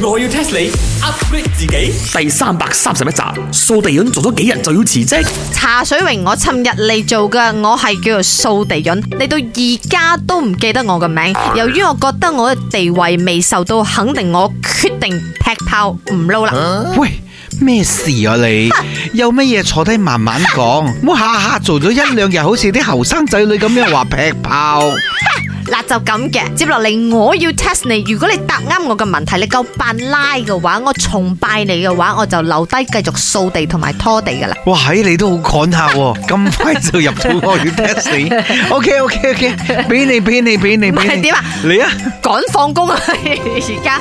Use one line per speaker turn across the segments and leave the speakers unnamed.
我要 test 你 upgrade 自己。第三百三十一集，掃地潤做咗幾日就要辭職。
茶水榮，我尋日嚟做嘅，我係叫做掃地潤。你到而家都唔記得我嘅名。由於我覺得我嘅地位未受到肯定，我決定劈炮唔
撈啦。喂，咩事啊，你？ 有乜嘢坐低慢慢講？我下下做咗一兩日，好似啲後生仔女咁樣話劈炮。
嗱，就咁嘅，接落嚟我要 test 你，如果你答啱我嘅問題，你夠扮拉嘅話，我崇拜你嘅話，我就留低繼續掃地同埋拖地噶啦。
哇，喺你都好趕下，咁快就入到我要 test 你。
OK OK OK，俾你俾你俾你俾。係點啊？你啊，趕放工啊，而家。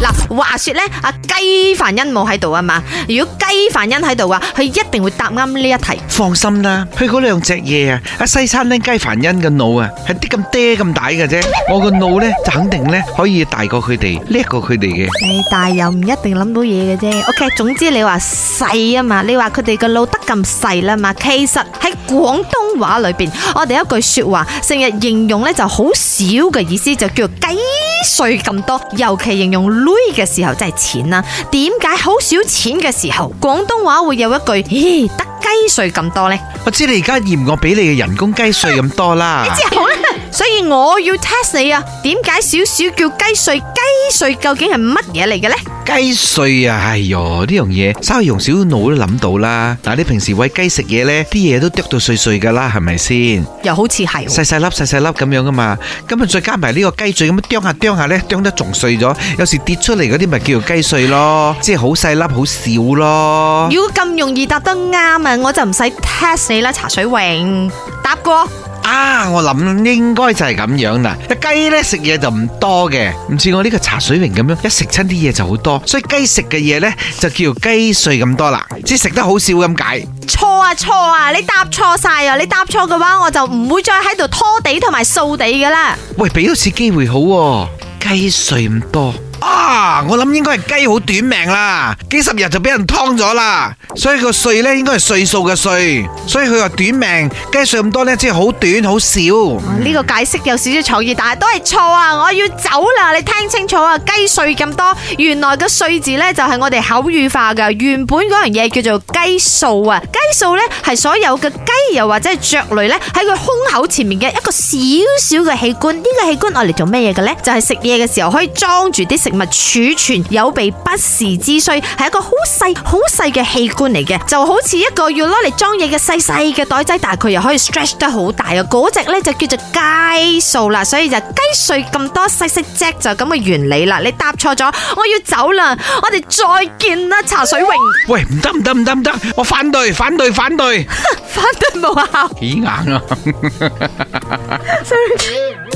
嗱，話說咧，阿雞凡恩冇喺度啊嘛，如果雞凡恩喺度嘅話，佢一定會答啱呢一題。放心啦，佢嗰兩隻嘢啊，阿西。餐廳雞凡恩嘅腦啊，係啲咁嗲咁大嘅
啫。我個腦咧就肯定咧可以大過佢哋，叻過佢哋嘅。
你大、欸、又唔一定諗到嘢嘅啫。OK，總之你話細啊嘛，你話佢哋個腦得咁細啊嘛。其實喺廣東話裏邊，我哋一句說話成日形容咧就好少嘅意思，就叫雞碎咁多。尤其形容累嘅時候，真係錢啦。點解好少錢嘅時候，廣東話會有一句嘻得？雞碎咁多咧，我
知你而家嫌我俾你嘅人工雞碎咁多啦。啊
所以我要 test 你啊，點解少少叫雞碎？雞碎究竟係乜嘢嚟嘅咧？雞
碎啊，哎喲呢樣嘢，稍微用少腦都諗到啦。嗱，你平時餵雞食嘢咧，啲嘢都啄到碎碎噶啦，係咪先？又好似係細細粒、細細粒咁樣噶嘛。咁啊，再加埋呢個雞碎咁啄下啄下咧，啄得仲碎咗。有時跌出嚟嗰啲咪叫做雞碎咯，即係好細粒、好少咯。如果
咁容易答得啱啊，我就唔使 test 你啦，茶水榮答過。
啊！我諗應該就係咁樣啦。隻雞呢食嘢，就唔多嘅，唔似我呢個茶水瓶咁樣，一食親啲嘢就好多。所以雞食嘅嘢呢，就叫雞碎咁多啦，即係食得好少咁解。
錯啊錯啊，你答錯晒啊！你答錯嘅話，我就唔會再喺度拖地同埋掃地噶啦。
喂，俾多次機會好啊。雞碎咁多。啊！我諗應該係雞好短命啦，幾十日就俾人劏咗啦，所以個歲呢應該係歲數嘅歲，所以佢話短命雞歲咁多呢，即係好短好少。呢、
嗯嗯、個解釋有少少創意，但係都係錯啊！我要走啦，你聽清楚啊！雞碎咁多，原來個歲字呢就係我哋口語化㗎，原本嗰樣嘢叫做雞嗉啊！雞嗉呢係所有嘅雞又或者係雀類呢，喺佢胸口前面嘅一個小小嘅器官，呢、這個器官用嚟做咩嘢嘅呢？就係食嘢嘅時候可以裝住啲。食物儲存，有備不時之需，係一個好細、好細嘅器官嚟嘅，就好似一個要攞嚟裝嘢嘅細細嘅袋仔，但係佢又可以 stretch 得好大啊！嗰隻呢就叫做雞素啦，所以就雞碎咁多細細隻就咁嘅原理啦。你答錯咗，我要走啦，我哋再見啦，茶水榮。
喂，唔得唔得唔得唔得，我反對反對反對，
反對冇 效，企硬啊 Sorry.